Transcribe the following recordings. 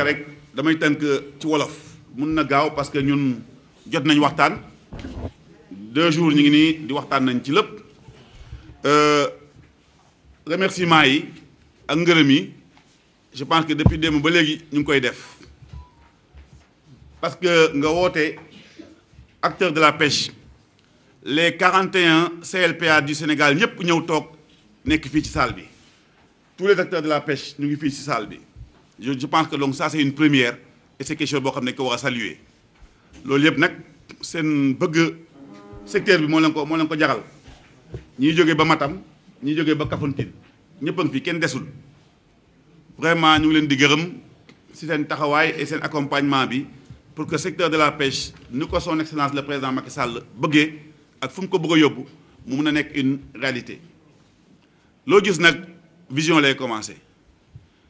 laajte rek damay tënk ci wolof mun na gaaw parce que ñun jot nañ waxtaan deux jours ñu ngi nii di waxtaan nañ ci lepp euh remerciements yi ak ngeureum yi je pense que depuis démb ba légui ñu koy def parce que nga woté acteur de la pêche les 41 CLPA du Sénégal ñep ñëw tok nek fi ci salle bi tous les acteurs de la pêche ñu ngi fii ci salle bi je je pense que donc ça c'est une première et c'est quelque chose que xam ne ko war saluer loolu yëpp nag seen secteur bi moo leen ko moo leen ko ba Matam ñiy jógee ba Kafountine ñëpp a ngi fi kenn vraiment ñu ngi leen di un travail seen taxawaay et seen accompagnement bi pour que secteur de la pêche nous ko son excellence le président Macky Sall bëggee ak fu mu ko bëgg a mu une réalité loo gis nag vision lay commencer.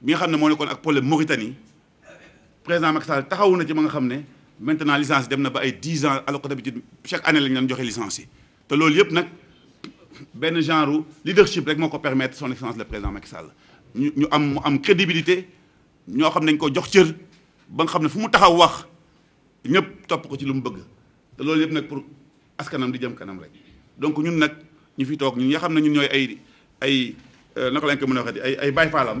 bi nga xam ne moo nekkoon ak problème Mauritanie président Macky Sall taxawu na ci ma nga xam ne maintenant licence dem na ba ay 10 ans alors que d'habitude chaque année lañ doon joxe licence yi te loolu yëpp nag benn genre leadership rek moo ko permettre son excellence le président Macky Sall ñu ñu am mu am crédibilité ñoo xam ne ko jox cër ba nga xam ne fu mu taxaw wax ñëpp topp ko ci lu mu bëgg te loolu yëpp nag pour askanam di jëm kanam rek donc ñun nag ñu fi toog ñun nga xam ne ñun ñooy ay ay euh, naka lañ ko mën a waxee ay ay baay faalam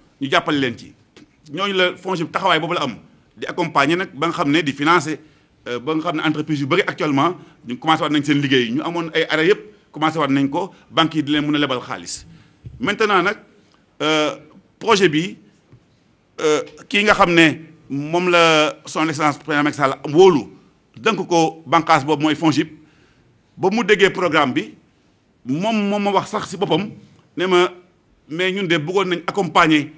ñu jàppale leen ci ñooñu la FONGIP taxawaay boobu la am di accompagner nag ba nga xam ne di financer euh, ba nga xam ne entreprise yu bëri actuellement ñu commencé waat nañ seen liggéey ñu amoon ay arrêt yëpp commencé waat nañ ko banque yi di leen mën a lebal xaalis maintenant nag euh, projet bi euh, kii nga xam ne moom la son excellence premier Macky Sall wóolu dënk ko bànqaas boobu mooy FONGIP ba mu déggee programme bi moom moom ma wax sax si boppam ne ma mais ñun de bëggoon nañ accompagner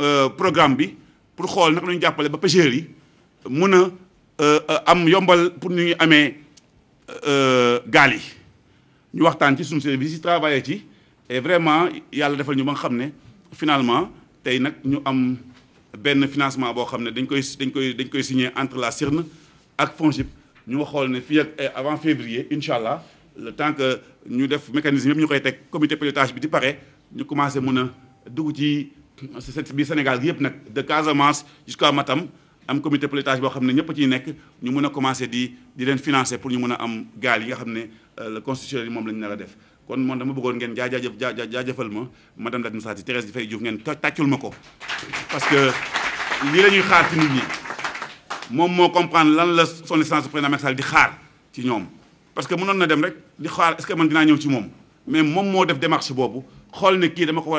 euh, programme bi pour xool naka ñu jàppale ba pêcheurs yi mun a euh, am yombal pour ñu amee euh, gaal yi ñu waxtaan ci suñu service yi travaillé ci et vraiment yàlla defal ñu ba nga xam ne finalement tey nag ñu am benn financement boo xam ne dañ koy dañ koy dañ koy signé entre la CIRN ak FONGIP ñu nga xool ne fii ak avant février incha allah le temps que ñu def mécanisme yëpp ñu koy teg comité pilotage bi di pare ñu commencé mun a dugg ci c'est bi Sénégal jusqu'à Matam am comité pilotage a commencer di financer pour ñu euh, le constitutionnel la def kon dama bëggoon ngeen madame Thérèse parce que li lañuy xaar ci son essence président parce que mënon na dem rek di xaar est-ce que man dina mais def démarche bobu ne ki dama ko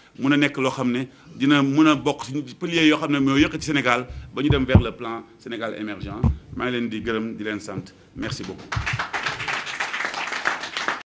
Sénégal vers le plan Sénégal émergent merci beaucoup